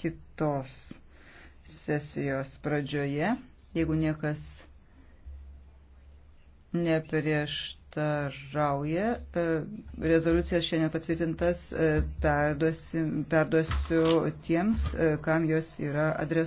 kitos sesijos pradžioje, jeigu niekas neprieštarauja. E, rezoliucijas šiandien patvirtintas e, perduosiu tiems, e, kam jos yra adresuotas.